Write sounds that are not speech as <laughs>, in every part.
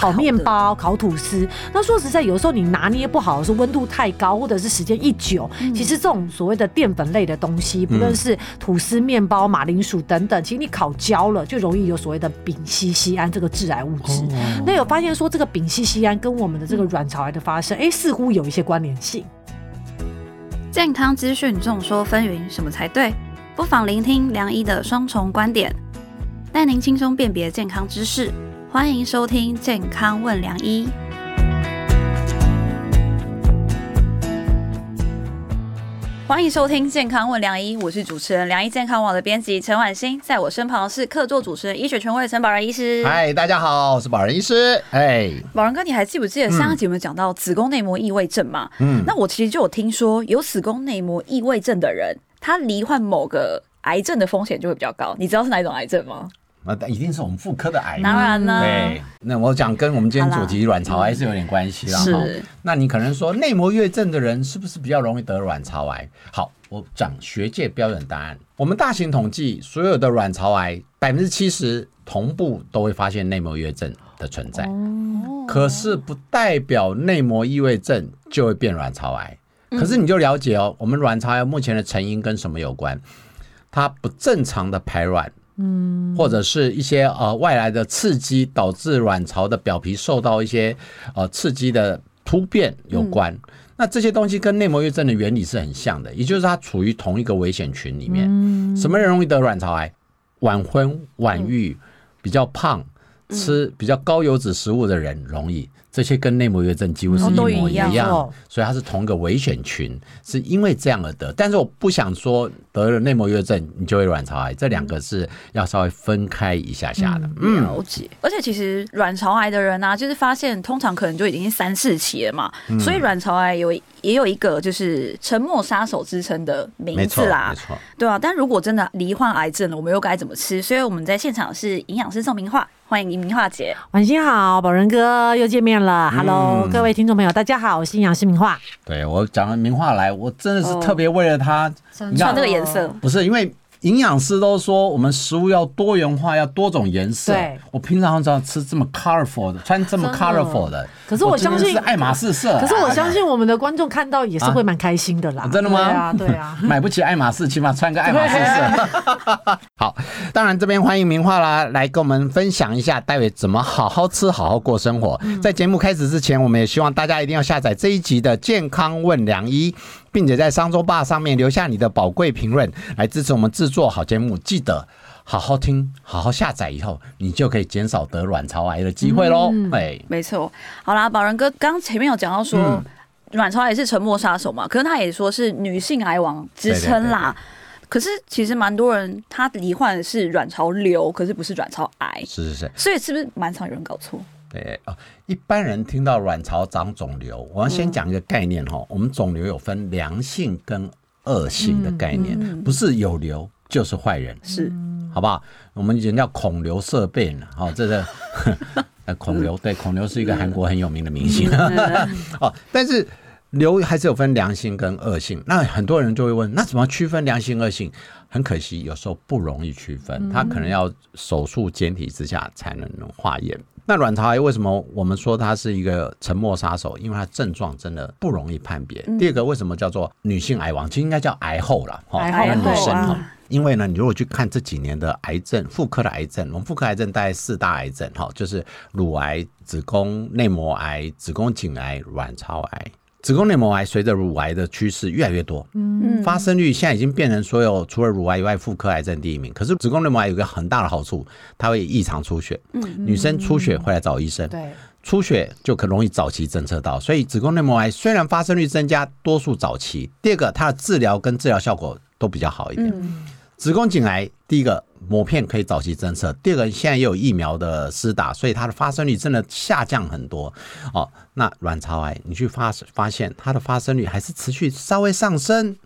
烤麵包、烤吐司，那說實在，有的時候你拿捏不好，是溫度太高，或者是時間一久，嗯，其實這種所謂的澱粉類的東西，不論是吐司、麵包、馬鈴薯等等，其實你烤焦了，就容易有所謂的丙烯酰胺這個致癌物質，哦哦。那有發現說，這個丙烯酰胺跟我們的這個卵巢癌的發生，哎、嗯欸，似乎有一些關聯性。健康資訊眾說紛紜，什麼才對？不妨聆聽良醫的雙重觀點，帶您輕鬆辨別健康知識。歡迎收聽《健康問良醫》。歡迎收聽《健康問良醫》，我是主持人良醫健康網的編輯陳宛欣，在我身旁是客座主持人醫學權威的陳保仁醫師。嗨，大家好，我是保仁醫師。哎，保仁哥，你還記不記得上一集我們講到子宮內膜異位症嘛？嗯，那我其實就有聽說，有子宮內膜異位症的人，他罹患某個癌症的風險就會比較高。你知道是哪一種癌症嗎？那一定是我們婦科的癌，當然了。對，那我講跟我們今天主題卵巢癌是有點關係啦。嗯。是，那你可能說內膜異位症的人是不是比較容易得卵巢癌？好，我講學界標準答案。我們大型統計所有的卵巢癌百分之七十同步都會發現內膜異位症的存在。哦，可是不代表內膜異位症就會變卵巢癌。嗯。可是你就了解哦，我們卵巢癌目前的成因跟什麼有關？它不正常的排卵。嗯，或者是一些呃外來的刺激導致卵巢的表皮受到一些呃刺激的突變有關。嗯、那這些東西跟內膜異位症的原理是很像的，也就是它處於同一個危險群裡面、嗯。什麼人容易得卵巢癌？晚婚晚育、嗯，比較胖，吃比較高油脂食物的人容易，這些跟內膜月症幾乎是一模一樣，嗯、所以它是同一個危險群，是因為這樣而得。但是我不想說得了內膜月症你就會卵巢癌，這兩個是要稍微分開一下下的、嗯嗯、了解。而且其實卵巢癌的人呢、啊，就是發現通常可能就已經三四期了嘛、嗯，所以卵巢癌有也有一個就是沉默殺手之稱的名字啦。沒錯沒錯，對啊。但如果真的罹患癌症了，我們又該怎麼吃？所以我們在現場是營養師宋明樺。歡迎明樺姐，晚上好，保仁哥又見面了，Hello，、嗯、各位聽眾朋友，大家好，我是營養師明樺，對我講明樺來，我真的是特別為了他、哦、你穿這個顏色、呃，不是因為。營養師都說，我們食物要多元化，要多種顏色。我平常常吃這麼 colorful 的，穿這麼 colorful 的。的可是我相信我是愛馬仕色。可是我相信我們的觀眾看到也是會蠻開心的啦、啊啊。真的嗎？對啊，對啊。 <laughs> 買不起愛馬仕，起碼穿個愛馬仕色。 <laughs> 好，當然這邊歡迎明樺啦，來跟我們分享一下待會怎麼好好吃、好好過生活。嗯、在節目開始之前，我們也希望大家一定要下載這一集的《健康問良醫》。並且在商周 Bar 上面留下你的寶貴評論，來支持我們製作好節目。記得好好聽，好好下載，以後你就可以減少得卵巢癌的機會嘍。哎、嗯，沒錯。好啦，保仁哥，剛前面有講到說、嗯，卵巢癌是沉默殺手嘛，可是他也說是女性癌王之稱啦。對對對對。可是其實蠻多人他罹患的是卵巢瘤，可是不是卵巢癌。是是是，所以是不是蠻常有人搞錯？對，一般人聽到卵巢長腫瘤，我要先講一個概念哈、嗯。我們腫瘤有分良性跟惡性的概念，不是有瘤就是壞人，是、嗯、好不好？我們人叫恐瘤色變呢？哈、哦，這個、嗯呃、孔劉，對，孔劉是一個韓國很有名的明星哦、嗯。但是瘤還是有分良性跟惡性。那很多人就會問，那怎麼區分良性惡性？很可惜，有時候不容易區分，他可能要手術檢體之下才能，能化驗。那卵巢癌為什麼我們說它是一個沉默殺手？因為它症狀真的不容易判別。嗯。第二個，為什麼叫做女性癌王？其實應該叫癌後了哈，那女生哈。因為呢，你如果去看這幾年的癌症，婦科的癌症，我們婦科癌症大概四大癌症哈，就是乳癌、子宮內膜癌、子宮頸癌、卵巢癌。子宮內膜癌隨着乳癌的趨勢越來越多，嗯，發生率現在已經變成所有除了乳癌以外，婦科癌症第一名。可是子宮內膜癌有一個很大的好處，它會異常出血，嗯，女生出血會來找醫生，對，出血就很容易早期偵測到。所以子宮內膜癌雖然發生率增加，多數早期。第二個，它的治療跟治療效果都比較好一點。子宮頸癌，第一個抹片可以早期偵測，第二個現在也有疫苗的施打，所以它的發生率真的下降很多。哦，那卵巢癌，你去發發現它的發生率還是持續稍微上升。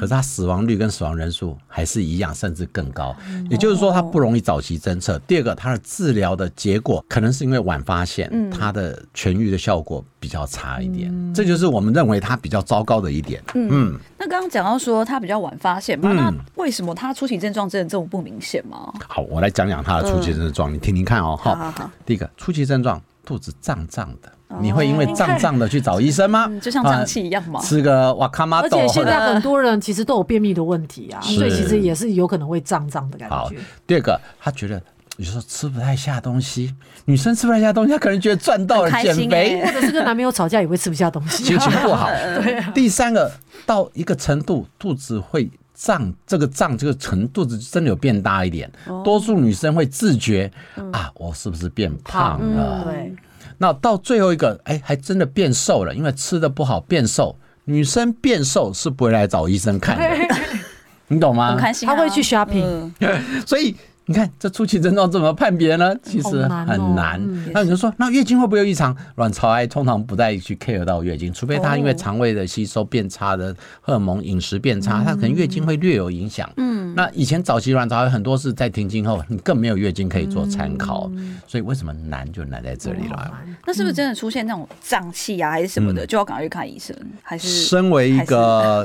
可是他死亡率跟死亡人數還是一樣，甚至更高。也就是說，他不容易早期偵測。第二個，他的治療的結果可能是因為晚發現，他的痊癒的效果比較差一點。這就是我們認為他比較糟糕的一點。嗯，那剛剛講到說他比較晚發現嘛，那為什麼他初期症狀真的這麼不明顯嗎？好，我來講講他的初期症狀，你聽聽看哦。好，第一個初期症狀，肚子脹脹的。你會因為脹脹的去找醫生嗎？嗯啊就，嗯、就像脹氣一樣嘛，吃個哇卡瑪豆。而且現在很多人其實都有便秘的問題啊，嗯、所以其實也是有可能會脹脹的感覺。好，第二個，他覺得有時候吃不太下東西，女生吃不太下東西，她可能覺得賺到了，減肥，或者是跟男朋友吵架 <laughs> 也會吃不下東西，心情不好 <laughs> 對、啊。第三個，到一個程度，肚子會脹，這個脹這個程度，這個、肚子真的有變大一點。哦、多數女生會自覺、嗯、啊，我是不是變胖了？嗯、對。那到最後一個，哎、欸，還真的變瘦了，因為吃得不好變瘦。女生變瘦是不會來找醫生看的， <laughs> 你懂嗎？她、很開心啊、會去 shopping，嗯、 <laughs> 所以。你看這初期症狀怎麼判別呢？其實很難。哦難哦、那你就說，那月經會不會有異常？卵巢癌通常不再去 care 到月經，除非他因為腸胃的吸收變差的荷爾蒙，飲食變差，他可能月經會略有影響。嗯，那以前早期卵巢癌很多是在停經後，你更沒有月經可以做參考，嗯、所以為什麼難就難在這裡了？那是不是真的出現那種脹氣啊，還是什麼的，就要趕快去看醫生？嗯、還是身為一個、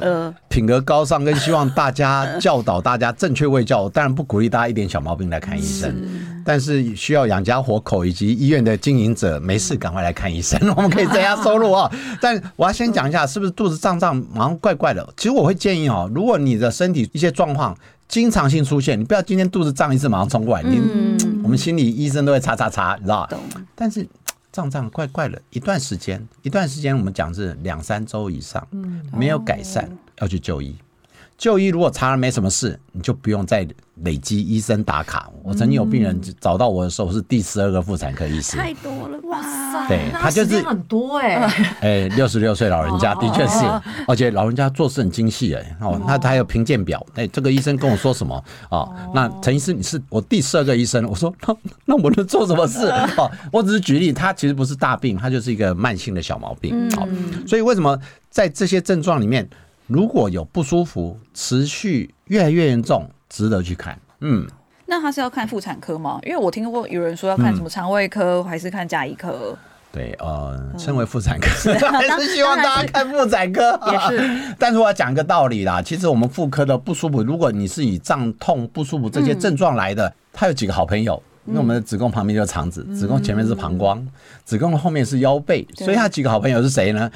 呃、品格高尚跟希望大家教導大家正確衛教、呃，當然不鼓勵大家一點小毛病來看醫生，但是需要養家活口以及醫院的經營者沒事趕快來看醫生，嗯、我們可以增加收入啊、哦。 <laughs> 但我要先講一下，是不是肚子脹脹、忙怪怪的？其實我會建議哦，如果你的身體一些狀況經常性出現，你不要今天肚子脹一次馬上衝過來，你、嗯、我們心理醫生都會查查查，你知道？但是脹脹怪怪的一段時間，一段時間我們講是兩三週以上，嗯、沒有改善、嗯、要去就醫。就醫，如果查了沒什麼事，你就不用再累積醫生打卡、嗯。我曾經有病人找到我的時候，我是第十二個婦產科醫師。太多了哇塞！對，他就是很多哎、欸，哎、欸，六十六歲老人家、哦、的確是，而且老人家做事很精細哎、欸。哦，那、哦、他還有評鑑表，那、欸、這個醫生跟我說什麼哦，哦，那陳醫師，你是我第十二個醫生，我說那，那我能做什麼事？哦，我只是舉例，他其實不是大病，他就是一個慢性的小毛病。嗯、哦，所以為什麼在這些症狀裡面？如果有不舒服，持續越來越嚴重，值得去看。嗯，那他是要看婦產科嗎？因為我聽過有人說要看什麼腸胃科，嗯、還是看家醫科。對，呃，身為婦產科、嗯啊，還是希望大家看婦產科、啊。也是，但是我要講一個道理啦。其實我們婦科的不舒服，如果你是以脹痛不舒服這些症狀來的，嗯、他有幾個好朋友。那我們的子宮旁邊就是腸子，嗯，子宮前面是膀胱，嗯、子宮後面是腰背，所以它幾個好朋友是誰呢？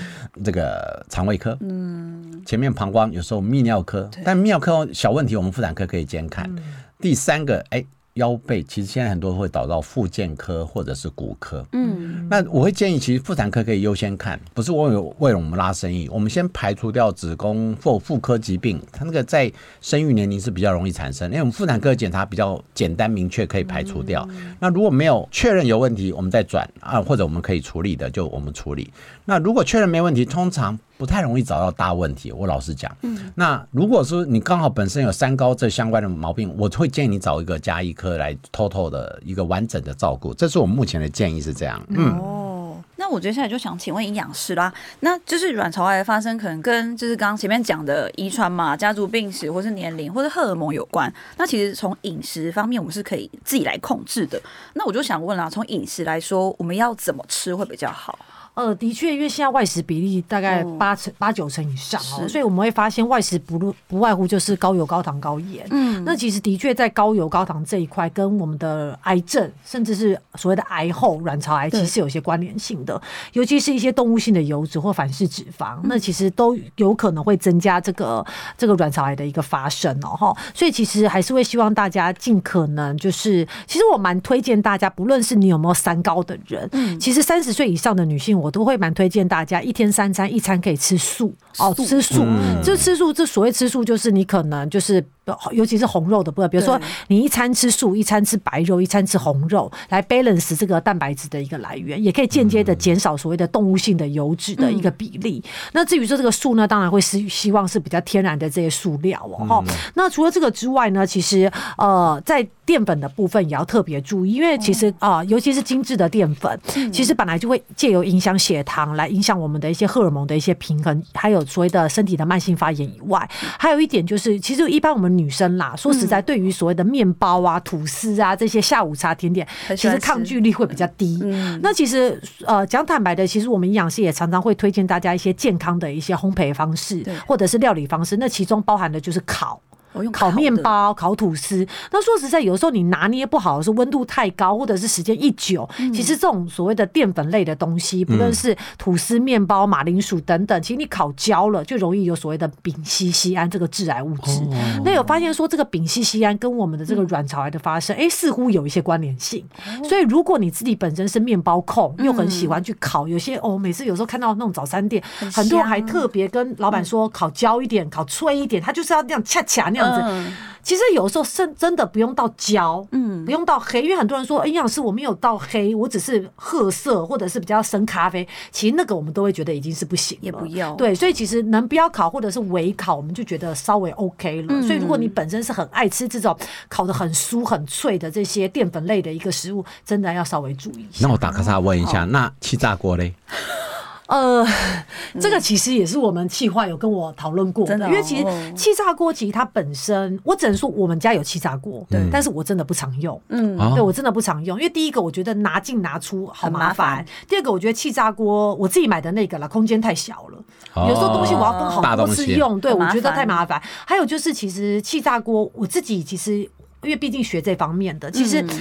這個腸胃科，嗯，前面膀胱有時候泌尿科，但泌尿科小問題我們婦產科可以兼看，嗯。第三個，哎、欸。腰背其實現在很多人會導到復健科，或者是骨科，嗯，那我會建議其實婦產科可以優先看，不是我有為了我們拉生意，我們先排除掉子宮或婦科疾病，它那個在生育年齡是比較容易產生，因為我們婦產科檢查比較簡單明確，可以排除掉。嗯、那如果沒有確認有問題，我們再轉啊，或者我們可以處理的就我們處理。那如果確認沒問題，通常。不太容易找到大問題，我老實講。嗯，那如果說你剛好本身有三高這相關的毛病，我會建議你找一個家醫科來偷偷的一個完整的照顧，這是我目前的建議是這樣。哦，嗯、那我接下來就想請問營養師啦，那就是卵巢癌的發生可能跟就是剛剛前面講的遺傳嘛、家族病史或是年齡或者荷爾蒙有關。那其實從飲食方面，我們是可以自己來控制的。那我就想問啦，從飲食來說，我們要怎麼吃會比較好？呃，的確，因為現在外食比例大概八成，嗯、八九成以上哦，所以我們會發現外食不不外乎就是高油、高糖、高鹽。嗯，那其實的確在高油、高糖這一塊，跟我們的癌症，甚至是所謂的癌後卵巢癌，其實是有些關聯性的。尤其是一些動物性的油脂或反式脂肪，嗯、那其實都有可能會增加這個這個卵巢癌的一個發生哦。所以其實還是會希望大家盡可能就是，其實我蠻推薦大家，不論是你有沒有三高的人，嗯、其實三十歲以上的女性。我都會蠻推薦大家，一天三餐，一餐可以吃素，素哦，吃素，這、嗯、吃素，這所謂吃素就是你可能就是，尤其是紅肉的部分，比如說你一餐吃素，一餐吃白肉，一餐吃紅肉，來 balance 這個蛋白質的一個來源，也可以間接的減少所謂的動物性的油脂的一個比例。嗯、那至於說這個素呢，當然會是希望是比較天然的這些素料哦。嗯、那除了這個之外呢，其實呃，在澱粉的部分也要特別注意，因為其實啊、呃，尤其是精致的澱粉、嗯，其實本來就會借由影響。將血糖來影響我們的一些荷爾蒙的一些平衡，還有所謂的身體的慢性發炎以外，嗯，還有一點就是，其實一般我們女生啦，說實在，對於所謂的麵包啊、吐司啊這些下午茶甜點，嗯，其實抗拒力會比較低。嗯、那其實，呃，講坦白的，其實我們營養師也常常會推薦大家一些健康的一些烘焙方式，或者是料理方式，那其中包含的就是烤。烤麵包、烤吐司，那說實在，有時候你拿捏不好，是溫度太高，或者是時間一久、嗯，其實這種所謂的澱粉類的東西，不論是吐司、麵包、馬鈴薯等等，其實你烤焦了，就容易有所謂的丙烯酰胺這個致癌物質、哦。那有發現說，這個丙烯酰胺跟我們的這個卵巢癌的發生，哎、嗯欸，似乎有一些關聯性、嗯。所以，如果你自己本身是麵包控，又很喜歡去烤，有些哦，每次有時候看到那種早餐店，很，很多人還特別跟老板說烤焦一點、嗯、烤脆一點，他就是要那樣恰恰那樣。嗯，其實有時候是真的不用到焦，嗯，不用到黑，因為很多人說，哎呀，營養師我沒有到黑，我只是褐色或者是比較深咖啡，其實那個我們都會覺得已經是不行了，也不要，對，所以其實能不要烤或者是微烤，我們就覺得稍微 OK 了。嗯、所以如果你本身是很愛吃這種烤得很酥很脆的這些澱粉類的一個食物，真的要稍微注意一下。那我打個岔問一下，那氣炸鍋嘞？ <laughs> 呃、嗯，這個其實也是我們企劃有跟我討論過的，的、哦，因為其實氣炸鍋其實它本身、哦，我只能說我們家有氣炸鍋，對，但是我真的不常用，嗯，對，我真的不常用，因為第一個我覺得拿進拿出好麻煩，很麻煩，第二個我覺得氣炸鍋我自己買的那個啦，空間太小了，有時候東西我要分好多次用，對，我覺得太麻煩，還有就是其實氣炸鍋我自己其實，因為畢竟學這方面的，其實、嗯。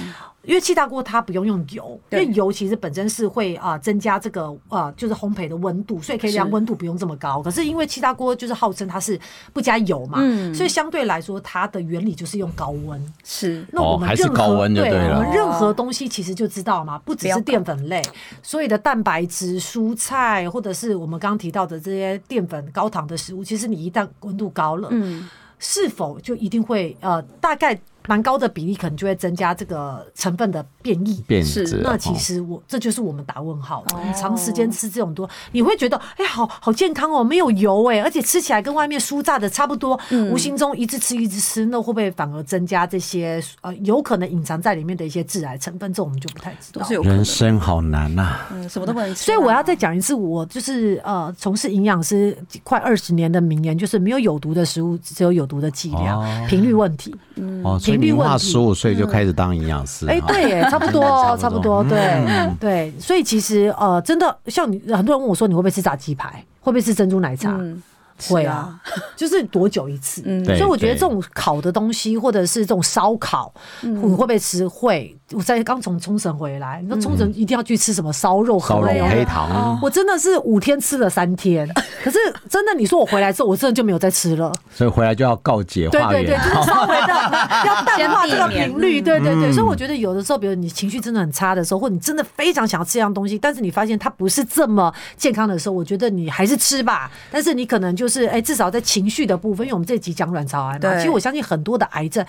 因為氣炸鍋它不用用油，因為油其實本身是會啊、呃、增加這個啊、呃、就是烘焙的溫度，所以可以讓溫度不用這麼高。是，可是因為氣炸鍋就是號稱它是不加油嘛、嗯，所以相對來說它的原理就是用高溫。是，那我們任何、哦、還是高溫就對了，對，我們任何東西其實就知道嘛，不只是澱粉類，所有的蛋白質、蔬菜或者是我們剛剛提到的這些澱粉高糖的食物，其實你一旦溫度高了、嗯，是否就一定會呃大概？蠻高的比例，可能就會增加這個成分的變異。是，那其實我、哦、這就是我們打問號。哦、很長時間吃這種多，你會覺得哎、欸，好好健康哦，沒有油哎，而且吃起來跟外面酥炸的差不多。嗯、無形中一直吃一直吃，那會不會反而增加這些呃有可能隱藏在裡面的一些致癌成分？這我們就不太知道。人生好難吶、啊，嗯，什麼都不能吃。所以我要再講一次，我就是呃從事營養師快二十年的名言，就是沒有有毒的食物，只有有毒的劑量、頻、哦、率問題。嗯。平民化，十五歲就開始當營養師。哎、嗯，欸對欸，差不多哦、嗯，差不多，對對。所以其實呃，真的像你，很多人問我說，你會不會吃炸雞排？會不會吃珍珠奶茶？嗯、會啊，是啊 <laughs> 就是多久一次、嗯？所以我覺得這種烤的東西，嗯、或者是這種燒烤，你、嗯、會不會吃？會。我在剛從沖繩回來，你說沖繩一定要去吃什麼燒肉？燒、嗯、黑糖。我真的是五天吃了三天，可是真的，你說我回來之後，我真的就沒有再吃了。所以回來就要告誡。對對對，就是稍微的 <laughs> 要淡化這個頻率。對對對，所以我覺得有的時候，比如你情緒真的很差的時候，或你真的非常想要吃一樣東西，但是你發現它不是這麼健康的時候，我覺得你還是吃吧。但是你可能就是，哎，至少在情緒的部分，因為我們這集講卵巢癌嘛，對，其實我相信很多的癌症，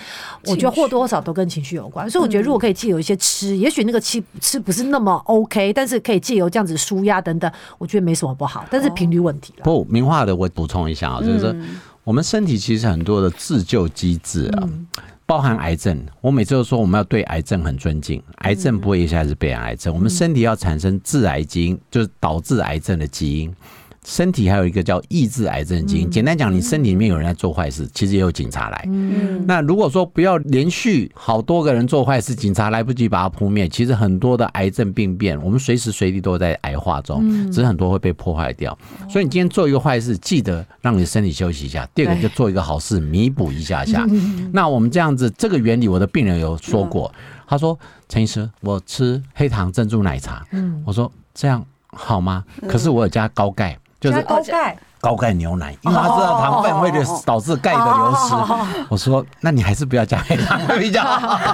我覺得或多或少都跟情緒有關緒。所以我覺得如果可以有一些吃，也許那個吃吃不是那麼 OK，但是可以借由這樣子舒壓等等，我覺得沒什麼不好，但是頻率問題了。哦、不，明樺的我補充一下啊，就是說我們身體其實很多的自救機制啊、嗯，包含癌症。我每次都說我們要對癌症很尊敬，癌症不會一下子變癌症，我們身體要產生致癌基因，就是導致癌症的基因。身體還有一個叫抑制癌症基因。簡單講，你身體裡面有人在做壞事，其實也有警察來、嗯。那如果說不要連續好多個人做壞事，警察來不及把它撲滅，其實很多的癌症病變，我們隨時隨地都在癌化中，只是很多會被破壞掉。嗯、所以你今天做一個壞事，記得讓你身體休息一下。第二個就做一個好事，彌補一下下、嗯。那我們這樣子，這個原理我的病人有說過，嗯、他說：“陳醫師，我吃黑糖珍珠奶茶。嗯”我說這樣好嗎？可是我有加高鈣。嗯嗯就是高鈣，高鈣牛奶，哦，因為它這個糖分，會導致鈣的流失，哦哦。我說，那你還是不要加黑糖比較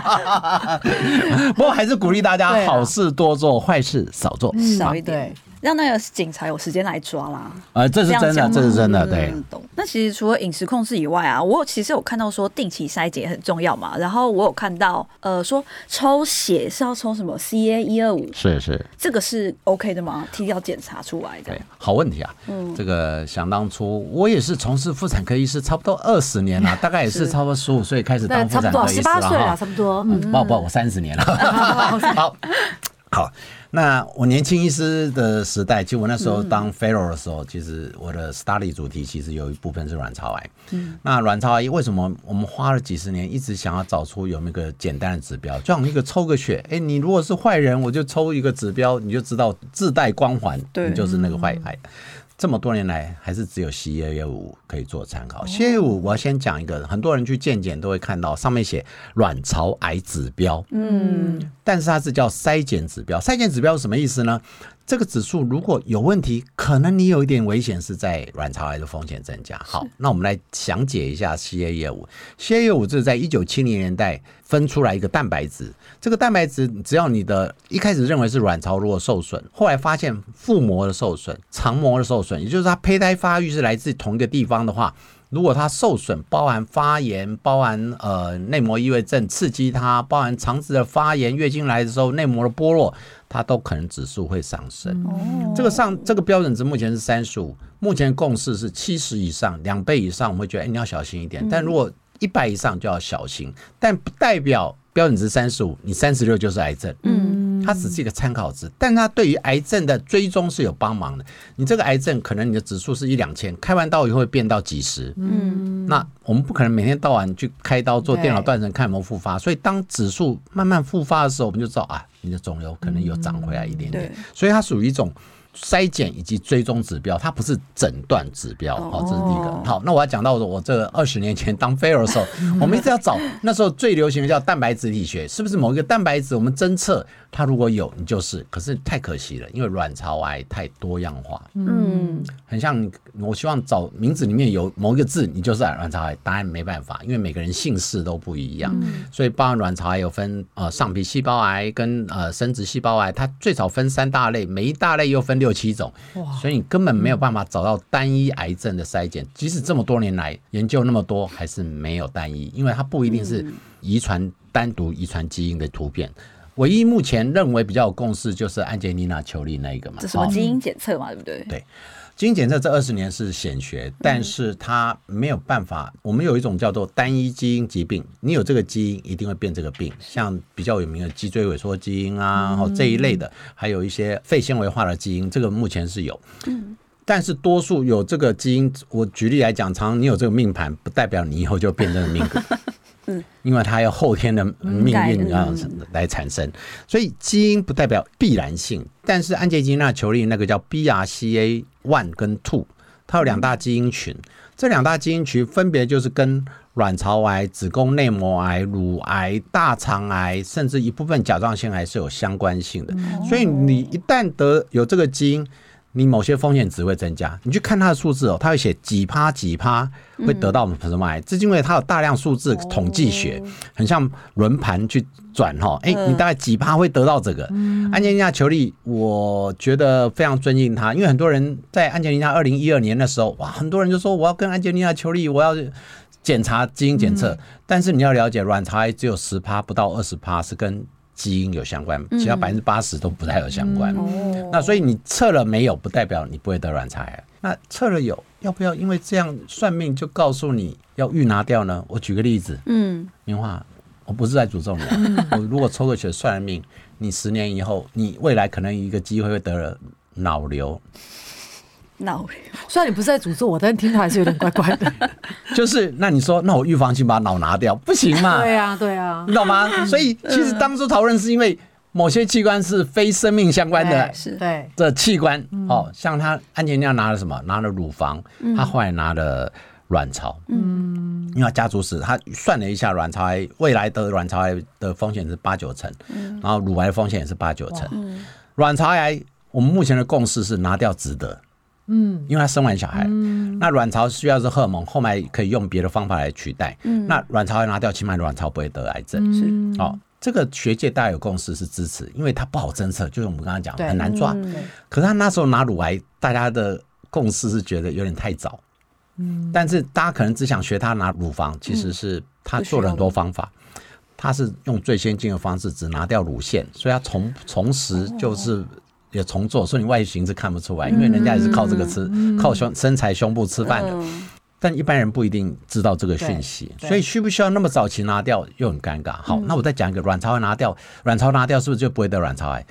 <laughs> <laughs> 不過還是鼓勵大家，好事多做，壞事少做，嗯啊、少一點。讓那個警察有時間來抓啦、啊！啊、呃，這是真的這，這是真的，對。嗯、那其實除了飲食控制以外啊，我其實有看到說定期篩檢很重要嘛。然後我有看到呃說抽血是要抽什麼 CA 一二五？CA125, 是是，這個是 OK 的嗎？提要檢查出來的對？好問題啊！嗯，這個想當初、嗯、我也是從事婦產科醫師差不多二十年了，大概也是差不多十五歲開始當婦產科醫師了，差不，啊、了差不多。嗯，嗯不好不好，我三十年了。啊、好，好。 <laughs> <laughs> 好，那我年輕醫師的時代，就我那時候當 fellow 的時候、嗯，其實我的 study 主題其實有一部分是卵巢癌。嗯，那卵巢癌為什麼我們花了幾十年一直想要找出有那個簡單的指標，就像我們一個抽個血，哎、欸，你如果是壞人，我就抽一個指標，你就知道自帶光環，對、嗯，你就是那個壞癌。這麼多年來，還是只有 C A A 五可以做參考。C A A 五，我要先講一個，很多人去健檢都會看到上面寫卵巢癌指標。嗯，但是它是叫篩檢指標。篩檢指標是什麼意思呢？這個指數如果有問題，可能你有一點危險是在卵巢癌的風險增加。好，那我們來詳解一下 CA 業務。CA 業務就是在一九七零年代分出來一個蛋白質，這個蛋白質只要你的一開始認為是卵巢，如果受損，後來發現腹膜的受損、腸膜的受損，也就是它胚胎發育是來自同一個地方的話。如果它受損，包含發炎，包含呃內膜異位症刺激它，包含腸子的發炎，月經來的時候內膜的剝落，它都可能指數會上升。哦、這個上這個標準值目前是三十五，目前共識是七十以上兩倍以上，我們會覺得、欸、你要小心一點。但如果一百以上就要小心，嗯，但不代表標準值三十五，你三十六就是癌症。嗯它只是一個參考值，但它對於癌症的追蹤是有幫忙的。你這個癌症可能你的指數是一兩千，開完刀以後會變到幾十。嗯，那我們不可能每天到晚去開刀做電腦斷層看有沒有復發，所以當指數慢慢復發的時候，我們就知道啊，你的腫瘤可能又長回來一點點。嗯、所以它屬於一種篩檢以及追蹤指標，它不是診斷指標。好、哦，這是第一個。哦、好，那我要講到我這個二十年前當 Fellow 的時候， <laughs> 我們一直要找那時候最流行的叫蛋白質體學，是不是某一個蛋白質我們偵測？他如果有你就是，可是太可惜了，因為卵巢癌太多樣化，嗯，很像。我希望找名字裡面有某一個字，你就是卵巢癌，答案沒辦法，因為每個人姓氏都不一樣，嗯，所以包含卵巢癌有分呃上皮細胞癌跟呃生殖細胞癌，它最少分三大類，每一大類又分六七種，哇，所以你根本沒有辦法找到單一癌症的篩檢，即使這麼多年來研究那麼多，還是沒有單一，因為它不一定是遺傳單獨遺傳基因的突變。嗯唯一目前認為比較有共識就是安潔莉娜·裘莉那一個嘛，這是什麼基因檢測嘛，對不對？對，基因檢測這二十年是顯學、嗯，但是它沒有辦法。我們有一種叫做單一基因疾病，你有這個基因一定會變這個病，像比較有名的脊椎萎縮基因啊，然、嗯、後這一類的，還有一些肺纖維化的基因，這個目前是有。嗯、但是多數有這個基因，我舉例來講，常，常你有這個命盤，不代表你以後就變這個命格。 <laughs> 嗯，因為它有後天的命運啊，來產生、嗯嗯嗯嗯，所以基因不代表必然性。但是安潔莉娜裘莉那個叫 BRCA one 跟 two，它有兩大基因群、嗯，這兩大基因群分別就是跟卵巢癌、子宮內膜癌、乳癌、大腸癌，甚至一部分甲狀腺癌是有相關性的。嗯、所以你一旦得有這個基因，你某些風險值會增加，你去看它的數字哦，它會寫幾趴幾趴會得到什麼癌，就、嗯、是因為它有大量數字統計學，哦、很像輪盤去轉哈，誒、你大概幾趴會得到這個。嗯、安潔莉娜裘莉？我覺得非常尊敬他，因為很多人在安潔莉娜二零一二年的時候，哇，很多人就說我要跟安潔莉娜裘莉，我要檢查基因檢測、嗯，但是你要了解卵巢癌只有十趴不到二十趴是跟。基因有相關，其他百分之八十都不太有相關。嗯、那所以你測了沒有，不代表你不會得卵巢癌。那測了有，要不要因為這樣算命就告訴你要預拿掉呢？我舉個例子，嗯，明樺我不是在詛咒你。我如果抽個血算命， <laughs> 你十年以後，你未來可能一個機會會得了腦瘤。腦，雖然你不是在詛咒我，但是聽起來還是有點怪怪的。 <laughs> 就是那你說，那我預防性把腦拿掉不行嘛？ <laughs> 對啊，對啊，你懂嗎？ <laughs> 嗯、所以其實當初討論是因為某些器官是非生命相關的，對是對器官對哦，像他安潔莉娜拿了什麼？拿了乳房、嗯，他後來拿了卵巢。嗯，因為家族史，他算了一下，卵巢癌未來的卵巢癌的風險是八九成、嗯，然後乳癌的風險也是八九成。卵巢癌我們目前的共識是拿掉值得。嗯，因為他生完小孩、嗯，那卵巢需要是荷爾蒙，後面可以用別的方法來取代。嗯、那卵巢要拿掉，起碼卵巢不會得癌症。是、嗯，哦，這個學界大家有共識是支持，因為他不好偵測，就是我們剛剛講很難抓、嗯。可是他那時候拿乳癌，大家的共識是覺得有點太早、嗯。但是大家可能只想學他拿乳房，其實是他做了很多方法，嗯、他是用最先進的方式只拿掉乳腺，所以他從從時就是。也重做，所以你外形是看不出來，因為人家也是靠這個吃，嗯、靠胸身材胸部吃飯的、嗯。但一般人不一定知道這個訊息，所以需不需要那麼早期拿掉又很尷尬。好，嗯、那我再講一個卵巢要拿掉，卵巢拿掉是不是就不會得卵巢癌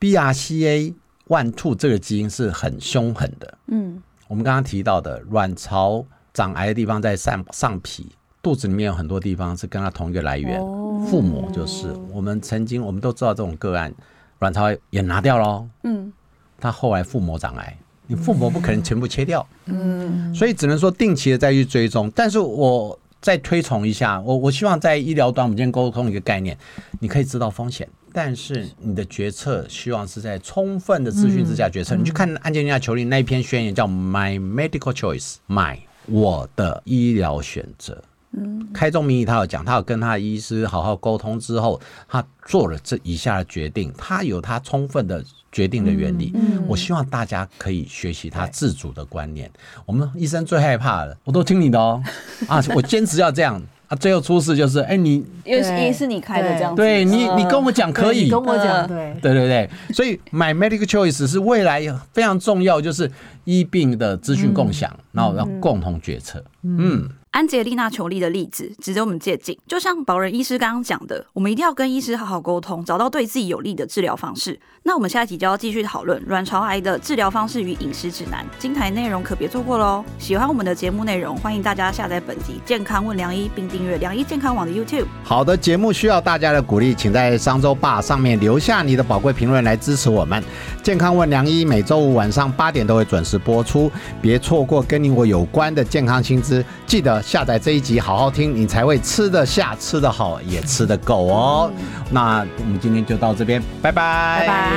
？BRCA one two 這個基因是很凶狠的。嗯，我們剛剛提到的卵巢長癌的地方在上上皮，肚子裡面有很多地方是跟它同一個來源，哦、父母就是。我們曾經我們都知道這種個案。卵巢癌也拿掉了，嗯，他後來腹膜長癌，你腹膜不可能全部切掉，嗯，嗯，所以只能說定期的再去追蹤。但是我再推崇一下，我我希望在醫療端，我們今天溝通一個概念，你可以知道風險，但是你的決策希望是在充分的資訊之下決策。嗯、你去看安吉麗娜·裘莉那一篇宣言，叫 My Medical Choice，my 我的醫療選擇。嗯，開宗明義，他有講，他有跟他的醫師好好溝通之後，他做了這以下的決定，他有他充分的決定的原理。嗯嗯、我希望大家可以學習他自主的觀念。我們醫生最害怕的，我都聽你的哦、喔， <laughs> 啊，我堅持要這樣，啊，最後出事就是，哎、欸，你因為是你開的這樣，對，對,對,對你對，你跟我講可以，你跟我講，對，對對對。所以 my Medical Choice 是未來非常重要，就是醫病的資訊共享，嗯、然後要共同決策。嗯。嗯嗯安潔莉娜裘莉的例子值得我們借鑑。就像保仁醫師剛剛講的，我們一定要跟醫師好好溝通，找到對自己有利的治療方式。那我們下一集就要繼續討論卵巢癌的治療方式與飲食指南。精彩內容可別錯過嘍！喜歡我們的節目內容，歡迎大家下載本集《健康問良醫》並訂閱《良醫健康網》的 YouTube。好的，節目需要大家的鼓勵，請在商周 Bar 上面留下你的寶貴評論來支持我們。《健康問良醫》每周五晚上八點都會準時播出，別錯過跟你我有關的健康新知。記得。下載這一集好好聽，你才會吃得下、吃得好、也吃得夠哦。那我們今天就到這邊，拜拜。拜拜。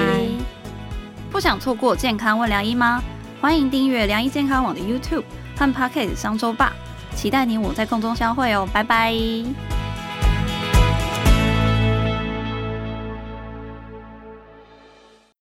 不想錯過健康問良醫嗎？歡迎訂閱良醫健康網的 YouTube 和 Pocket 商周吧。期待你我在空中相會哦，拜拜。